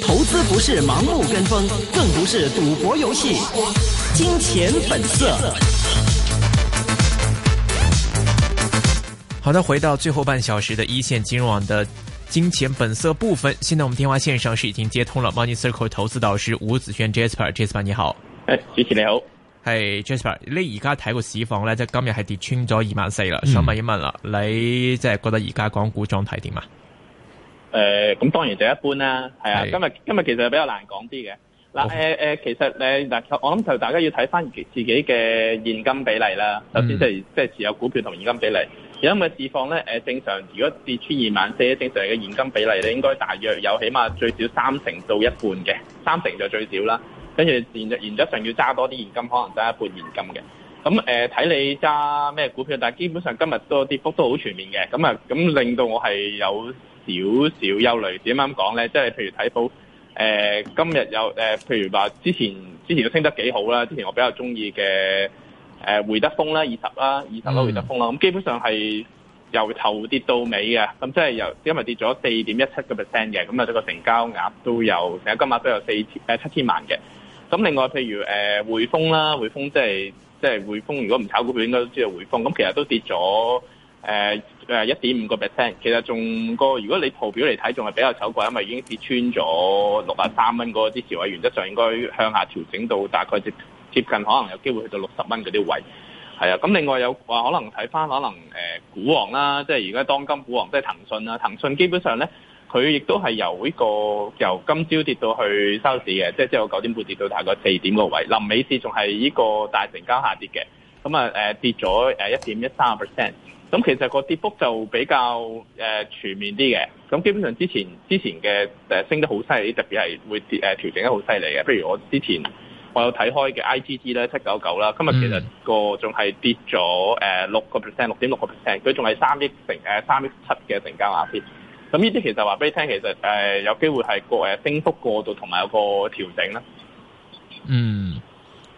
投資不是盲目跟風，更不是賭博遊戲。金錢本色。好的，回到最後半小時的一線金融網的金錢本色部分。現在我們電話線上是已經接通了 Money Circle 投資導師吳子軒 Jasper，Jasper 你好。哎，繼續聊。係 Jasper，你而家睇個市況咧，即係今日係跌穿咗二萬四啦。想問一問啦、嗯，你即係覺得而家港股狀態點啊？誒、呃，咁當然就一般啦。係啊，今日今日其實比較難講啲嘅。嗱、呃、誒、哦、誒、呃，其實誒嗱、呃，我諗就大家要睇返自己嘅現金比例啦。嗯、首先即係即係持有股票同現金比例。而家咪市況咧，誒、呃，正常如果跌穿二萬四，正常嘅現金比例咧應該大約有起碼最少三成到一半嘅，三成就最少啦。跟住現原則上要揸多啲現金，可能揸一半現金嘅。咁睇、呃、你揸咩股票，但基本上今日都跌幅都好全面嘅。咁啊，咁令到我係有少少憂慮。點解咁講呢？即係譬如睇到誒今日有誒、呃，譬如話之前之前都升得幾好啦，之前我比較中意嘅誒會德豐啦，二十啦，二十啦會德豐啦。咁基本上係由頭跌到尾嘅。咁即係由今日跌咗四點一七個 percent 嘅。咁啊，個成交額都有成日，個金額都有四千七千萬嘅。咁另外譬如誒匯豐啦，匯豐即係即係匯豐，如果唔炒股票應該都知道匯豐，咁其實都跌咗誒誒一點五個 percent。其實仲個如果你圖表嚟睇仲係比較醜怪，因為已經跌穿咗六百三蚊嗰啲支持位，原則上應該向下調整到大概接接近可能有機會去到六十蚊嗰啲位，係啊，咁另外有話可能睇返可能誒股、呃、王啦，即係而家當今股王即係騰訊啦，騰訊基本上咧。佢亦都係由呢、呢個由今朝跌到去收市嘅，即係即係我九點半跌到大概四點個位。臨尾市仲係呢個大成交下跌嘅，咁啊誒跌咗誒一點一三個 percent。咁其實個跌幅就比較誒、呃、全面啲嘅。咁基本上之前之前嘅誒升得好犀利，特別係會跌誒調整得好犀利嘅。譬如我之前我有睇開嘅 IGG 咧七九九啦，今日其實個仲係跌咗誒六個 percent，六點六個 percent。佢仲係三億成誒三億七嘅成交下跌。咁呢啲其實話俾你聽，其實、呃、有機會係升幅過度，同埋有個調整啦。嗯，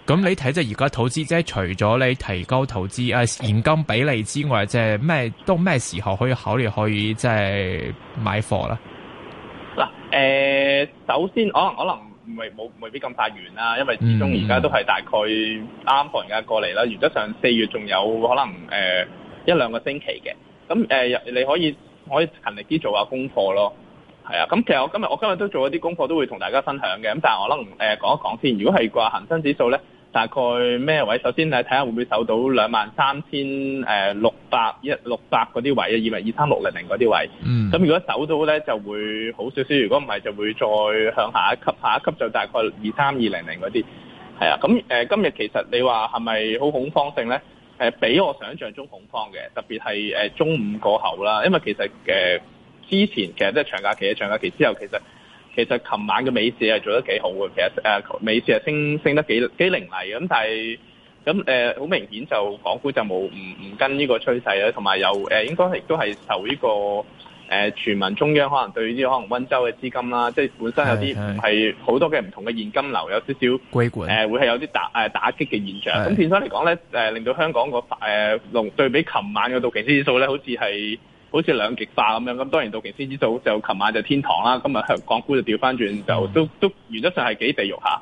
咁你睇即係而家投資者，即係除咗你提高投資啊現金比例之外，即係咩都咩時候可以考慮可以即係、就是、買貨啦。嗱、呃，首先可能可能未冇未，未必咁快完啦，因為始終而家都係大概啱啱放完假過嚟啦、嗯，原則上四月仲有可能、呃、一兩個星期嘅。咁、呃、你可以。我可以勤力啲做下功課咯，係啊，咁其實我今日我今日都做一啲功課，都會同大家分享嘅，咁但係我可能誒講一講先。如果係話恒生指數咧，大概咩位？首先你睇下會唔會守到兩萬三千誒六百一六百嗰啲位啊，二萬二三六零零嗰啲位。嗯。咁如果守到咧就會好少少，如果唔係就會再向下一級，下一級就大概二三二零零嗰啲。係啊，咁誒、呃、今日其實你話係咪好恐慌性咧？誒比我想象中恐慌嘅，特別係中午過後啦，因為其實誒、呃、之前其實即係長假期嘅長假期之後，其實其實琴晚嘅美市係做得幾好嘅，其實美市係、呃、升升得幾幾凌厲，咁但係咁誒好明顯就港股就冇唔唔跟呢個趨勢啦，同埋有誒、呃、應該係都係受呢、呢個。誒、呃，全民中央可能對於可能温州嘅資金啦，即係本身有啲唔係好多嘅唔同嘅現金流，有少少歸管。會係有啲打、呃、打擊嘅現象。咁變相嚟講咧，令到香港個誒龍對比，琴晚嘅道瓊斯指數咧，好似係好似兩極化咁樣。咁當然道瓊斯指數就琴晚就天堂啦，今日香港股就調翻轉，就都都原則上係幾地獄下。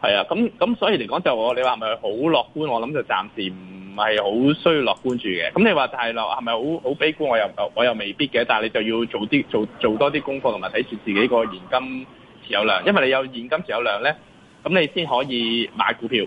係啊，咁咁所以嚟講就我你話係咪好樂觀？我諗就暫時唔係好需要樂觀住嘅。咁你話大係咯，係咪好好悲觀？我又我又未必嘅。但係你就要做啲做做多啲功課，同埋睇住自己個現金持有量。因為你有現金持有量咧，咁你先可以買股票。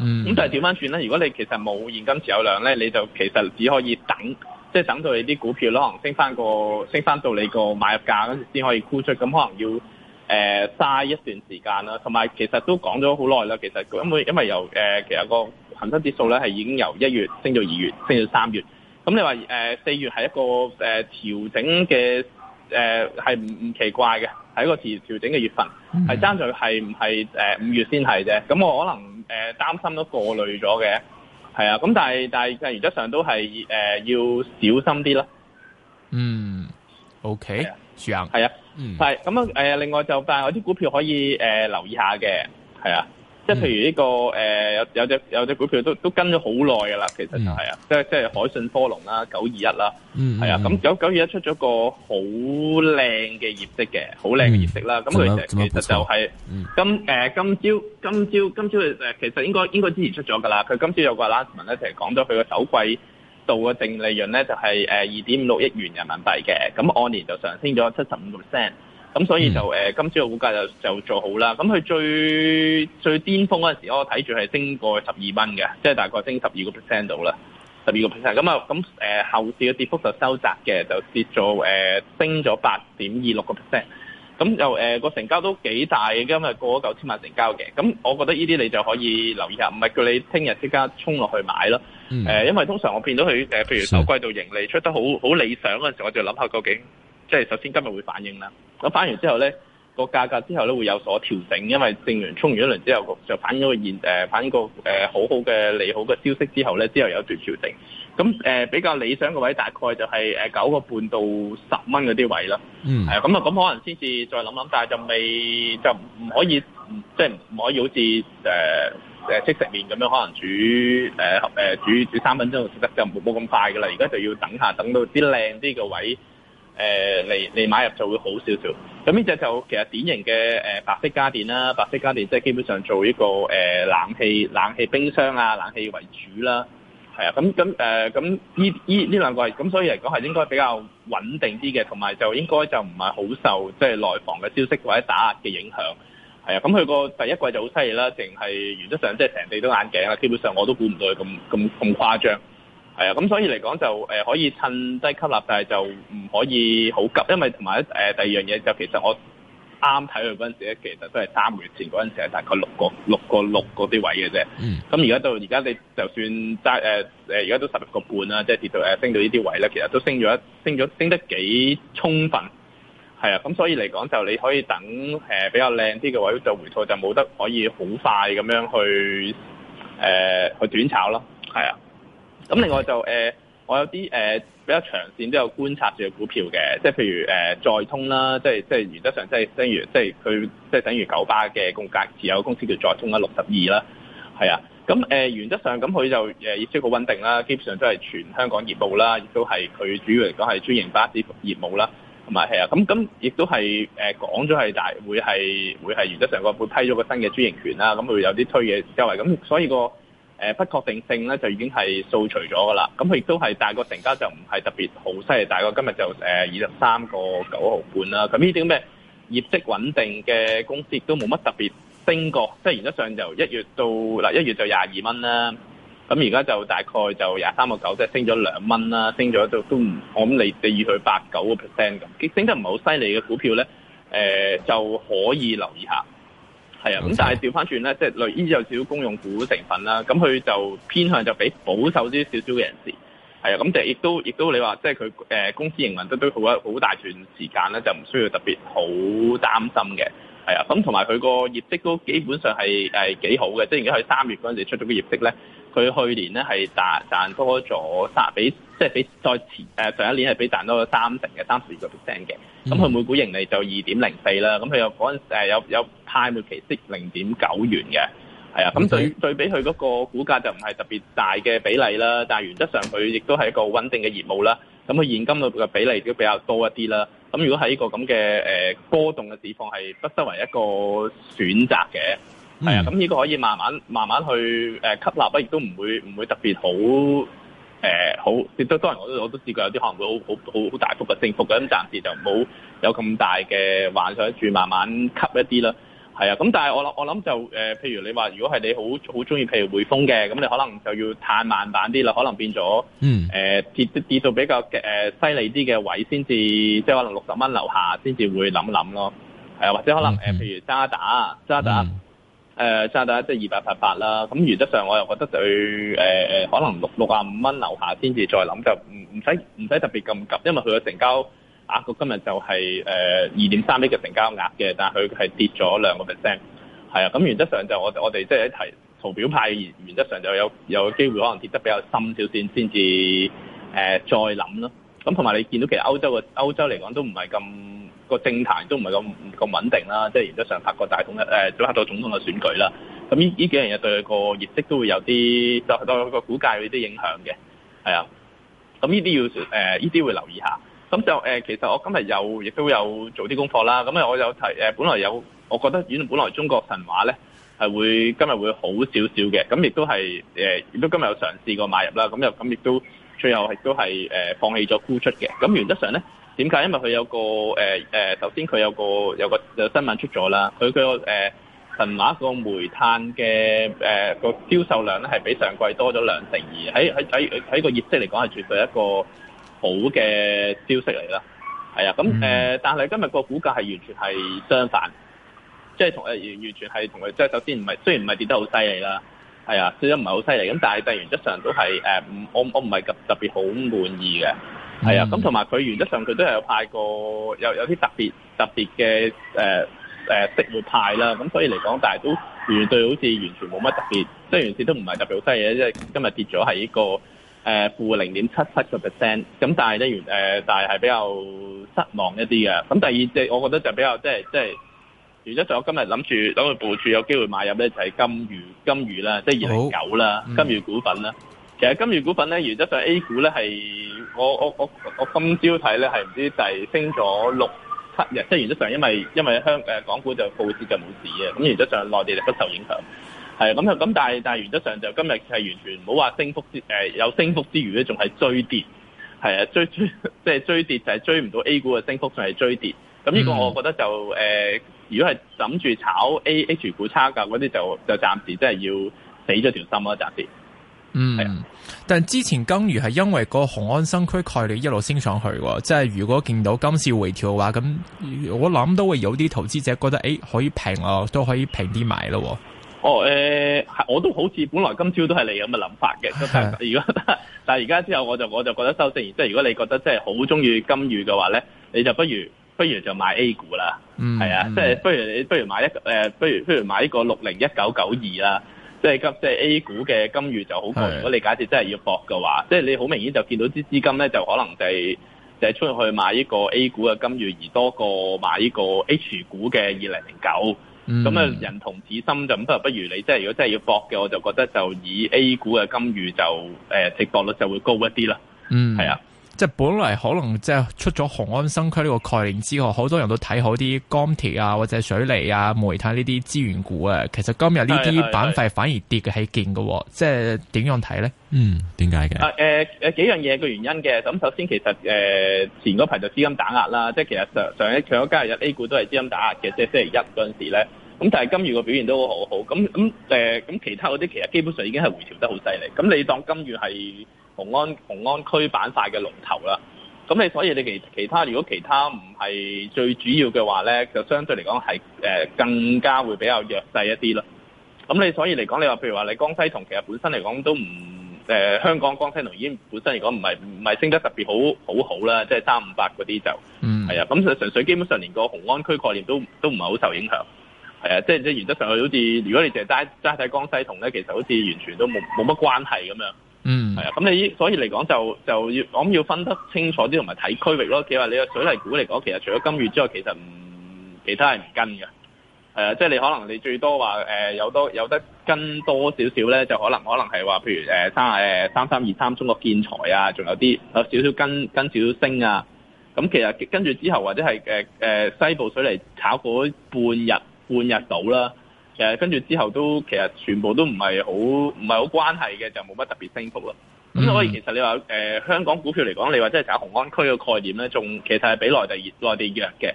嗯。咁但係調翻轉咧，如果你其實冇現金持有量咧，你就其實只可以等，即係等到你啲股票可能升翻個，升翻到你個買入價，咁先可以沽出。咁可能要。誒、呃、嘥一段時間啦，同埋其實都講咗好耐啦。其實因為因為由誒、呃、其實個恒生指數咧係已經由一月升到二月，升到三月。咁你話誒四月係一個誒、呃、調整嘅誒係唔唔奇怪嘅，係一個調調整嘅月份，係爭在係唔係誒五月先係啫。咁我可能誒、呃、擔心都過濾咗嘅，係啊。咁但係但係原則上都係誒、呃、要小心啲啦。嗯、mm.。O K，樹硬係啊，係咁啊，嗯係啊呃、另外就但係有啲股票可以、呃、留意下嘅，係啊，即係譬如呢、這個誒、嗯呃、有有隻有隻股票都都跟咗好耐㗎啦，其實就係、嗯、啊，即係即係海信科龍啦，九二一啦，係啊，咁九九二一出咗個好靚嘅業績嘅，好靚嘅業績啦，咁、嗯、佢其實就係，咁誒、嗯、今朝、呃、今朝今朝其實應該，應該之前出咗㗎啦，佢今朝有個 last n 咧，就係講咗佢個首季。到嘅淨利潤咧就係誒二點五六億元人民幣嘅，咁按年就上升咗七十五個 percent，咁所以就誒今朝嘅股價就就做好啦。咁佢最最巔峰嗰時候，我睇住係升過十二蚊嘅，即係大概升十二個 percent 到啦，十二個 percent。咁啊，咁誒後市嘅跌幅就收窄嘅，就跌咗誒升咗八點二六個 percent。咁又個成交都幾大，今日過咗九千萬成交嘅。咁我覺得呢啲你就可以留意下，唔係叫你聽日即刻衝落去買咯。誒、嗯呃，因為通常我見到佢譬如首季度盈利出得好好理想嘅時候，我就諗下究竟即係首先今日會反應啦。咁反完之後咧，個價格之後咧會有所調整，因為正完衝完一輪之後，就反應個現、呃、反應個好好嘅利好嘅消息之後咧，之後有一段調整。咁誒、呃、比較理想個位大概就係九個半到十蚊嗰啲位啦。嗯。係啊、呃，咁啊，咁可能先至再諗諗，但係就未就唔可以，即係唔可以好似誒誒即食麵咁樣，可能煮誒、呃、煮煮三分鐘就食得，就冇冇咁快㗎啦。而家就要等下，等到啲靚啲嘅位誒嚟嚟買入就會好少少。咁呢隻就其實典型嘅白色家電啦，白色家電即係基本上做呢個、呃、冷氣、冷氣、冰箱啊、冷氣為主啦、啊。係啊，咁咁誒，咁呢兩個係，咁所以嚟講係應該比較穩定啲嘅，同埋就應該就唔係好受即係內房嘅消息或者打壓嘅影響。係啊，咁佢個第一季就好犀利啦，淨係原則上即係成地都眼鏡啦，基本上我都估唔到佢咁咁咁誇張。係啊，咁所以嚟講就、呃、可以趁低吸納，但係就唔可以好急，因為同埋、呃、第二樣嘢就其實我。啱睇佢嗰陣時咧，其實都係三個月前嗰陣時係大概六個六個六個啲位嘅啫。咁而家到而家你就算揸而家都十六個半啦，即係跌到、呃、升到呢啲位咧，其實都升咗升咗升得幾充分。係啊，咁所以嚟講就你可以等誒、呃、比較靚啲嘅位就回吐，就冇得可以好快咁樣去誒、呃、去短炒咯。係啊，咁另外就誒、呃、我有啲誒。呃比較長線都有觀察住嘅股票嘅，即係譬如誒載、呃、通啦，即係即係原則上即係等於即係佢即係等於九巴嘅公格持有公司叫載通啦，六十二啦，係啊，咁誒、呃、原則上咁佢就誒業績好穩定啦，基本上都係全香港業務啦，亦都係佢主要嚟講係專營巴士業務啦，同埋係啊，咁咁亦都係誒、呃、講咗係大會係會係原則上個府批咗個新嘅專營權啦，咁佢會有啲推嘢交易，咁所以、那個。誒不確定性咧就已經係掃除咗噶啦，咁佢亦都係大個成交就唔係特別好犀利，大概今日就誒二十三個九毫半啦。咁呢啲咁業績穩定嘅公司亦都冇乜特別升過，即係原則上就一月到嗱一月就廿二蚊啦，咁而家就大概就廿三個九，即係升咗兩蚊啦，升咗都唔，我諗你你以佢八九個 percent 咁，升得唔係好犀利嘅股票咧，誒就可以留意下。係啊，咁但係調翻轉咧，即係類似有少少公用股成分啦，咁佢就偏向就俾保守啲少少嘅人士。係啊，咁就亦都亦都你話，即係佢公司營運都都好一好大段時間咧，就唔需要特別好擔心嘅。係啊，咁同埋佢個業績都基本上係幾好嘅，即係而家喺三月嗰陣時出咗個業績咧。佢去年咧係賺賺多咗卅比，即係比再前誒、呃、上一年係比賺多咗三成嘅三十二個 percent 嘅。咁佢每股盈利就二點零四啦。咁佢有嗰陣有有派末期息零點九元嘅。係啊，咁對對比佢嗰個股價就唔係特別大嘅比例啦。但係原則上佢亦都係一個穩定嘅業務啦。咁佢現金裏面嘅比例亦都比較多一啲啦。咁如果喺呢個咁嘅誒波動嘅市況，係不失為一個選擇嘅。係、嗯、啊、咁、這、呢個可以慢慢慢慢去、呃、吸納啦，亦都唔會唔會特別好誒、呃、好亦都當然我都我都試過有啲可能會好好好，好大幅嘅升幅嘅，咁暫時就冇有咁大嘅幻想住，慢慢吸一啲啦。係啊，咁但係我諗我諗就、呃、譬如你話如果係你好好中意，譬如匯豐嘅咁，你可能就要探慢板啲啦，可能變咗嗯誒、呃、跌跌到比較誒犀利啲嘅位先至，即係可能六十蚊樓下先至會諗諗咯。係啊，或者可能、嗯呃、譬如渣打、嗯、渣打。誒、呃，即大即係二百八八啦。咁原則上，我又覺得對誒、呃、可能六六啊五蚊樓下先至再諗，就唔唔使唔使特別咁急，因為佢嘅成交額個今日就係誒二點三億嘅成交額嘅，但佢係跌咗兩個 percent。係啊，咁原則上就我我哋即係一係圖表派原則上就有有機會可能跌得比較深少先先至誒再諗咯。咁同埋你見到其實歐洲嘅歐洲嚟講都唔係咁個政壇都唔係咁個穩定啦，即係原則上法國大統嘅誒組合到總統嘅選舉啦。咁呢依幾樣嘢對佢個業績都會有啲對佢個股價有啲影響嘅，係啊。咁呢啲要誒呢啲會留意一下。咁就誒、呃、其實我今日有亦都有做啲功課啦。咁啊我有提誒、呃，本來有我覺得原本來中國神話咧係會今日會好少少嘅。咁亦都係誒亦都今日有嘗試過買入啦。咁又咁亦都最後亦都係誒、呃、放棄咗沽出嘅。咁原則上咧。點解？因為佢有個誒誒，首先佢有個有個，有個新聞出咗啦。佢個誒神華、這個煤炭嘅誒、呃這個銷售量咧，係比上季多咗兩成二。喺喺喺喺個業績嚟講，係絕對一個好嘅消息嚟啦。係啊，咁誒、呃，但係今日個股價係完全係相反，即係同完完全係同佢。即、就、係、是、首先唔係雖然唔係跌得好犀利啦，係啊，雖則唔係好犀利咁，但係但原則上都係誒、呃，我我唔係特別好滿意嘅。係、mm、啊 -hmm.，咁同埋佢原則上佢都係有派過有，有有啲特別特別嘅誒誒息活派啦，咁所以嚟講，但係都絕對好似完全冇乜特別，即、就、係、是、原先都唔係特別好低嘅，即、就、為、是、今日跌咗係呢個誒、呃、負零點七七個 percent，咁但係呢，完、呃、但係係比較失望一啲嘅。咁第二隻，我覺得就比較即係即係原則上，我今日諗住等佢部署，有機會買入咧，就係、是、金魚金魚啦，即係二零九啦，金魚股份啦。Mm -hmm. 其實金業股份咧，原則上 A 股咧係我我我我今朝睇咧係唔知就係升咗六七日，即係原則上因，因為因為香、呃、港股就暴跌就冇事嘅，咁原則上內地就不受影響，係咁咁。但係但原則上就今日係完全唔好話升幅之、呃、有升幅之餘咧，仲係追跌，係啊追追即係追跌就係追唔到 A 股嘅升幅，仲係追跌。咁呢個我覺得就誒、呃，如果係諗住炒 A H 股差價嗰啲就就暫時即係要死咗條心啦，暫時。嗯，是啊，但係之前金魚係因為個雄安新區概念，一路升上去喎，即、就、係、是、如果見到今次回調嘅話，咁我諗都會有啲投資者覺得，誒、欸，可以平咯，都可以平啲買咯。哦，誒、呃，我都好似本來今朝都係你咁嘅諗法嘅、啊，但係但係而家之後我就我就覺得收市，即、就、係、是、如果你覺得即係好中意金魚嘅話咧，你就不如不如就買 A 股啦，係、嗯、啊，即、就、係、是、不如你不如買一個誒、呃，不如不如買呢個六零一九九二啦。即係金，即係 A 股嘅金魚就好高。如果你假設真係要博嘅話，即係你好明顯就見到啲資金咧，就可能就係就係出去買呢個 A 股嘅金魚，而多過買呢個 H 股嘅二零零九。咁啊，人同此心就咁，不如不如你即係如果真係要博嘅，我就覺得就以 A 股嘅金魚就誒、呃，值博率就會高一啲啦。嗯，係啊。即係本來可能即係出咗雄安新區呢個概念之後，好多人都睇好啲鋼鐵啊或者水泥啊煤炭呢啲資源股啊。其實今日呢啲板塊反而跌嘅係見嘅，是是是是即係點樣睇咧？嗯，點解嘅？誒、啊、誒、呃、幾樣嘢嘅原因嘅。咁首先其實誒、呃、前嗰排就資金打壓啦，即係其實上一上一強咗交易日 A 股都係資金打壓嘅，即係星期一嗰陣時咧。咁但係今月個表現都好好，咁咁誒咁其他嗰啲其實基本上已經係回調得好犀利。咁你當今月係？紅安紅安區板塊嘅龍頭啦，咁你所以你其其他如果其他唔係最主要嘅話咧，就相對嚟講係、呃、更加會比較弱勢一啲啦。咁你所以嚟講，你話譬如話你江西銅其實本身嚟講都唔誒、呃、香港江西銅已經本身嚟講唔係唔係升得特別好好好啦，即係三五百嗰啲就嗯係啊，咁就純粹基本上連個紅安區概念都都唔係好受影響，係啊，即係即係原則上好似如果你淨係齋齋睇江西銅咧，其實好似完全都冇冇乜關係咁樣。嗯，係 啊，咁你所以嚟講就就要，我諗要分得清楚啲，同埋睇區域咯。其實你個水泥股嚟講，其實除咗金隅之外，其實唔其他係唔跟嘅。係、呃、啊，即係你可能你最多話誒、呃、有多有得跟多少少咧，就可能可能係話譬如誒三誒三三二三中國建材啊，仲有啲有少少跟跟少少升啊。咁、嗯、其實跟住之後或者係誒誒西部水泥炒咗半日半日到啦。跟住之後都其實全部都唔係好唔係好關係嘅，就冇乜特別升幅啦。咁、mm -hmm. 所以其實你話、呃、香港股票嚟講，你話真係炒紅安區嘅概念咧，仲其實係比內地內地弱嘅，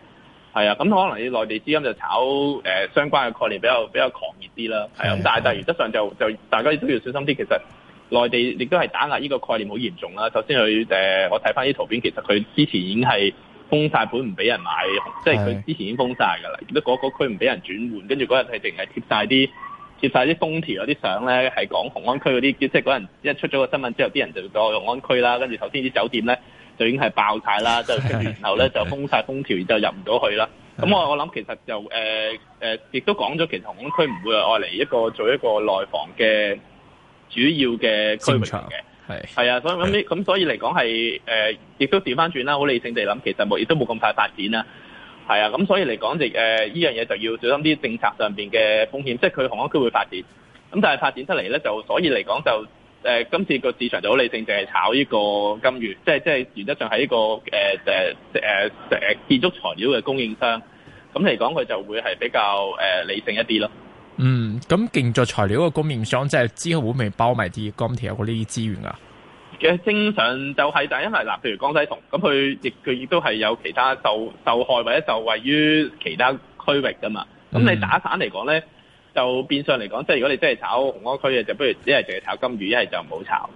係啊。咁可能你內地資金就炒、呃、相關嘅概念比較比較狂熱啲啦。係啊，但係但係原則上就就，就大家都要小心啲。其實內地亦都係打壓呢個概念好嚴重啦。首先佢、呃、我睇翻啲圖片，其實佢之前已經係。封曬盤唔俾人買，即係佢之前已經封曬㗎啦，都、那、嗰個區唔俾人轉換，跟住嗰日係淨係貼曬啲貼曬啲封條嗰啲相呢，係講雄安區嗰啲，即係嗰日一出咗個新聞之後，啲人就到雄安區啦，跟住頭先啲酒店呢，就已經係爆曬啦，就 然後呢，就封曬封 條，就入唔到去啦。咁 我我諗其實就誒亦、呃呃、都講咗其實雄安區唔會係愛嚟一個做一個內房嘅主要嘅區域嘅。 係係 啊，所以咁咁所以嚟講係誒，亦、呃、都調翻轉啦。好理性地諗，其實冇亦都冇咁快發展啦。係啊，咁所以嚟講、就是，亦誒呢樣嘢就要小心啲政策上邊嘅風險。即係佢紅安區會發展，咁但係發展出嚟咧，就所以嚟講就誒、呃、今次個市場就好理性，淨係炒呢個金隅。即係即係原則上係呢個誒誒誒誒建築材料嘅供應商。咁嚟講，佢就會係比較誒、呃、理性一啲咯。嗯，咁建築材料個供應商即係之後會唔會包埋啲鋼鐵嗰啲資源啊？嘅正常就係、是，但係因為嗱，譬如江西銅，咁佢亦佢亦都係有其他受受害或者受惠於其他區域噶嘛。咁、嗯、你打散嚟講咧，就變相嚟講，即係如果你真係炒紅安區嘅，就不如只係淨係炒金魚，一係就唔好炒。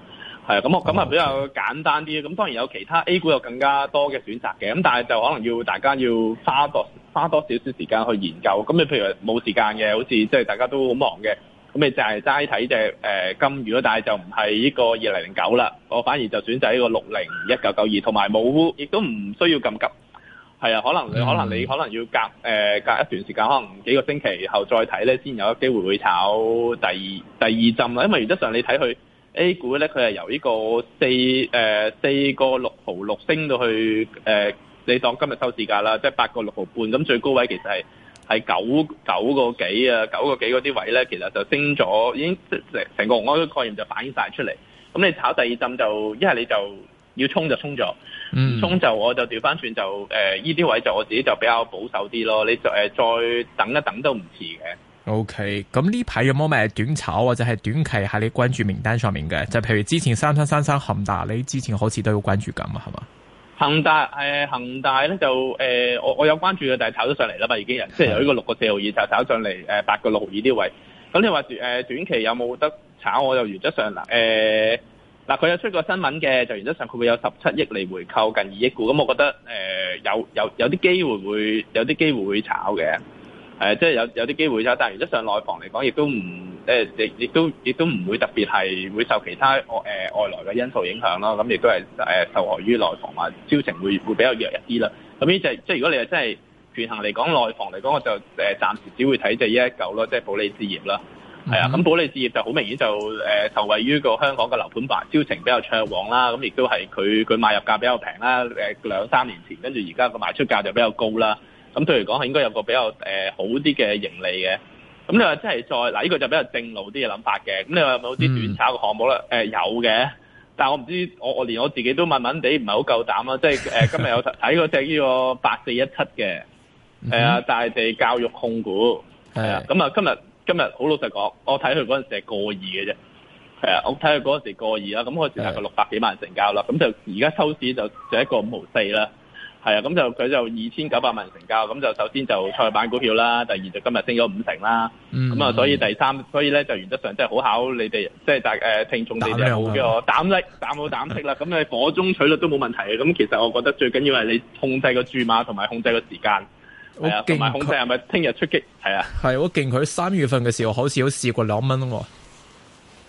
係啊，咁我咁啊比較簡單啲。咁當然有其他 A 股有更加多嘅選擇嘅，咁但係就可能要大家要花多花多少少時間去研究。咁你譬如冇時間嘅，好似即係大家都好忙嘅，咁你就係齋睇隻金魚咯。但係就唔係呢個二零零九啦，我反而就選擇呢個六零一九九二，同埋冇亦都唔需要咁急。係啊，可能你可能你可能要隔隔一段時間，可能幾個星期後再睇咧，先有一機會會炒第二第二浸啦。因為原則上你睇佢。A 股咧，佢係由呢個四誒、呃、四個六毫六升到去誒、呃，你當今日收市價啦，即係八個六毫半。咁最高位其實係係九九個幾啊，九個幾嗰啲位咧，其實就升咗，已經成成個宏觀嘅概念，就反映晒出嚟。咁你炒第二浸就一係你就要衝就衝咗，唔、嗯、衝就我就調翻轉就誒呢啲位就我自己就比較保守啲咯。你就誒、呃、再等一等都唔遲嘅。O K，咁呢排有冇咩短炒或者係短期喺你關注名單上面嘅？就譬如之前三三三三恒大，你之前好似都有關注咁啊，係嘛？恒大誒，恒大咧就誒、呃，我我有關注嘅，但係炒咗上嚟啦嘛，已經人即係由呢個六個四毫二就炒，炒上嚟誒、呃，八個六毫二呢位。咁你話誒、呃，短期有冇得炒？我就原則上誒，嗱、呃，佢、呃、有出過新聞嘅，就原則上佢會，會有十七億嚟回購近二億股，咁我覺得誒、呃，有有有啲機會會，有啲機會會炒嘅。誒、呃，即係有有啲機會啫，但係如果上內房嚟講，亦、呃、都唔誒，亦亦都亦都唔會特別係會受其他外、呃、外來嘅因素影響囉。咁、呃、亦都係、呃、受害於內房話銷情會會比較弱一啲啦。咁呢就即係如果你係真係權衡嚟講，內房嚟講，我就、呃、暫時只會睇就係119咯，即係保利置業啦。嗯嗯啊，咁保利置業就好明顯就誒、呃、受惠於個香港嘅樓盤白銷情比較暢旺啦。咁亦都係佢佢買入價比較平啦。兩三年前，跟住而家個賣出價就比較高啦。咁對嚟講，應該有個比較誒、呃、好啲嘅盈利嘅。咁你話即係再嗱，呢、這個就比較正路啲嘅諗法嘅。咁你話有冇啲短炒嘅項目咧？誒、嗯呃、有嘅，但我唔知我我連我自己都問問地唔係好夠膽啦，即係誒今日有睇嗰隻呢個八四一七嘅，係、嗯、啊，大地教育控股。啊，咁啊，今日今日好老實講，我睇佢嗰陣時係過二嘅啫。啊，我睇佢嗰陣時過二啦。咁嗰時係個六百幾萬成交啦。咁就而家收市就就一個五毫四啦。係啊，咁就佢就二千九百萬成交，咁就首先就創業板股票啦，第二就今日升咗五成啦，咁、嗯、啊，就所以第三，嗯、所以咧就原則上真係好考你哋，即係大誒聽眾你哋好嘅，啊、我膽力，膽好膽識啦，咁 你火中取栗都冇問題嘅，咁其實我覺得最緊要係你控制個注碼同埋控制個時間，同埋、啊、控制係咪聽日出擊，係啊，係我見佢三月份嘅時候好似好試過兩蚊喎，誒、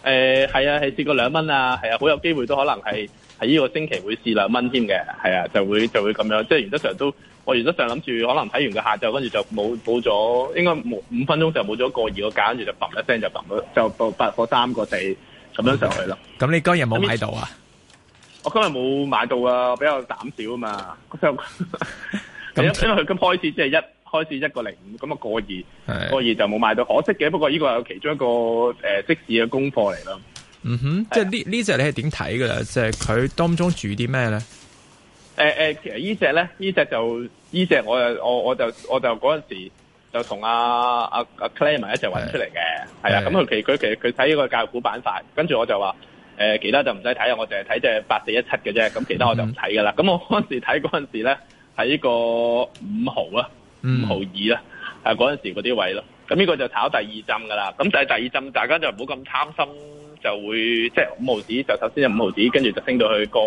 呃，係啊，係試過兩蚊啊，係啊，好有機會都可能係。喺呢個星期會試兩蚊添嘅，係啊，就會就會咁樣，即係原則上都，我原則上諗住可能睇完個下晝，跟住就冇冇咗，應該冇五分鐘就冇咗過二個價，跟住就砰一聲就砰咗，就八個三個四，咁樣上去咯。咁、okay. 你、嗯嗯嗯嗯、今日冇買到啊？我今日冇買到啊，比較膽小啊嘛。咁、嗯、因 因為佢 今開始即係一開始一個零五，咁啊過二過二就冇買到，可惜嘅。不過呢個係其中一個誒即時嘅功課嚟咯。嗯哼，即係呢呢隻你係點睇噶啦？即係佢當中住啲咩咧？誒、呃、誒，其、呃、實呢隻咧，呢隻就呢隻我，我又我我就我就嗰陣時就同阿阿 Clay 文一齊搵出嚟嘅，係啊。咁佢其佢其實佢睇個教育股板塊，跟住我就話誒、呃，其他就唔使睇啊，我淨係睇隻八四一七嘅啫。咁其他我就唔睇噶啦。咁、嗯嗯、我嗰陣時睇嗰陣時咧係呢個五毫啊，五毫二啦，係嗰陣時嗰啲位咯。咁、嗯、呢、嗯這個就炒第二針噶啦。咁就係第二針，大家就唔好咁貪心。就會即係五毫紙就首先係五毫紙，跟住就升到去個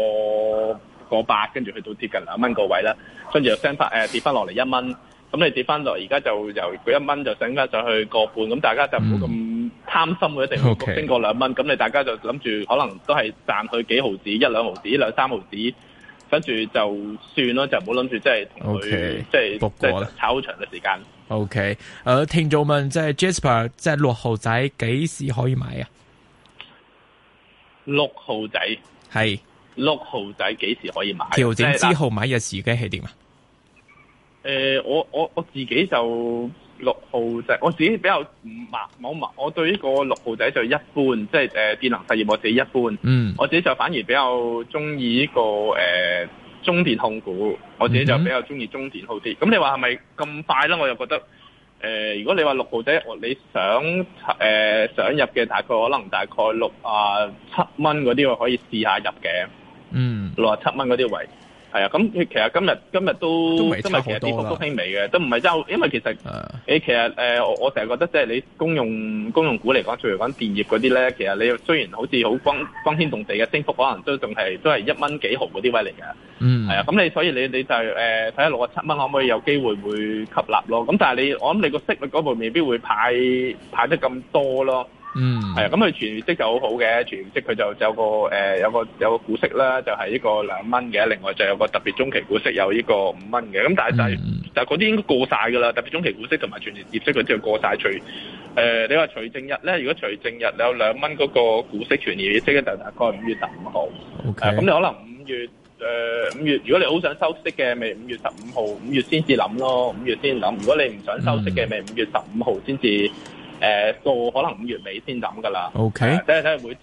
個八，跟住去到接近兩蚊個位啦。跟住又升翻誒、呃、跌翻落嚟一蚊，咁、嗯嗯、你跌翻落嚟，而家就由佢一蚊就升翻上去個半，咁大家就唔好咁貪心，佢、嗯、一定唔升過兩蚊。咁、okay. 你大家就諗住可能都係賺佢幾毫紙、一兩毫紙、兩三毫紙，跟住就算囉，就唔好諗住即係同佢即係即炒好長嘅時間。O K.，呃聽眾問即 Jasper 即六毫仔幾時可以買啊？六號仔係六號仔幾時可以買？調整之後買嘅時機係點啊？誒、呃，我我我自己就六號仔，我自己比較唔麻冇麻，我對呢個六號仔就一般，即係誒、呃、電能實業我自己一般。嗯，我自己就反而比較中意呢個誒、呃、中電控股，我自己就比較中意中電好啲。咁、嗯、你話係咪咁快咧？我又覺得。誒，如果你話六號仔，我你想、呃、想入嘅大概可能大概六啊七蚊嗰啲，我可以試下入嘅。嗯，六啊七蚊嗰啲位。係啊，咁其實今日今日都，都今日其實跌幅都輕微嘅，都唔係真，因為其實你、啊、其實誒、呃，我成日覺得即係你公用公用股嚟講，譬如講電業嗰啲咧，其實你雖然好似好光光天動地嘅升幅，可能都仲係都係一蚊幾毫嗰啲位嚟嘅。嗯，係啊，咁你所以你你就誒睇下六啊七蚊可唔可以有機會會吸納咯？咁但係你我諗你個息率嗰部未必會派派得咁多咯。嗯，係啊，咁、嗯、佢、嗯、全年息就好好嘅，全年息佢就有個，誒、呃，有個有個股息啦，就係、是、呢個兩蚊嘅，另外就有個特別中期股息有呢個五蚊嘅，咁、嗯、但係、就是嗯、但係嗰啲應該過晒噶啦，特別中期股息同埋全年息佢都要過晒除，誒、呃，你話除正日咧，如果除正日你有兩蚊嗰個股息全年息咧就大概五月十五號，咁、okay. 呃、你可能五月，誒、呃，五月如果你好想收息嘅，咪五月十五號，五月先至諗咯，五月先諗，如果你唔想收息嘅，咪五月十五號先至。誒、呃，到可能五月尾先諗噶啦。OK，睇下睇下會。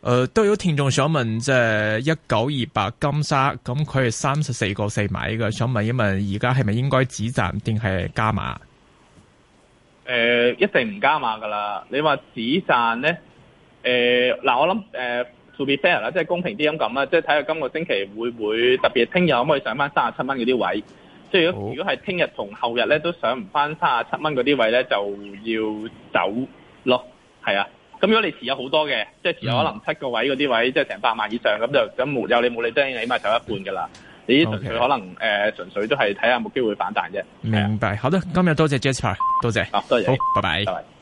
誒，都有聽眾想問，即係一九二八金沙，咁佢係三十四個四米嘅，想問一問是是，而家係咪應該止賺定係加碼？誒，一定唔加碼噶啦。你話止賺咧，誒、呃，嗱、呃，我諗誒、呃、，to be fair 啦，即係公平啲咁講啦，即係睇下今個星期會唔會特別聽日可唔可以上翻三十七蚊嗰啲位。即係如果如果係聽日同後日咧，都上唔翻，三十七蚊嗰啲位咧就要走咯，係啊。咁如果你持有好多嘅，即係持有可能七個位嗰啲位，即係成百萬以上咁就咁冇理由你冇理啫，你起碼走一半噶啦。你純粹可能誒，純粹都係睇下有冇機會反彈啫。明白，好的，今日多謝 Jasper，多謝，多謝，好，拜拜。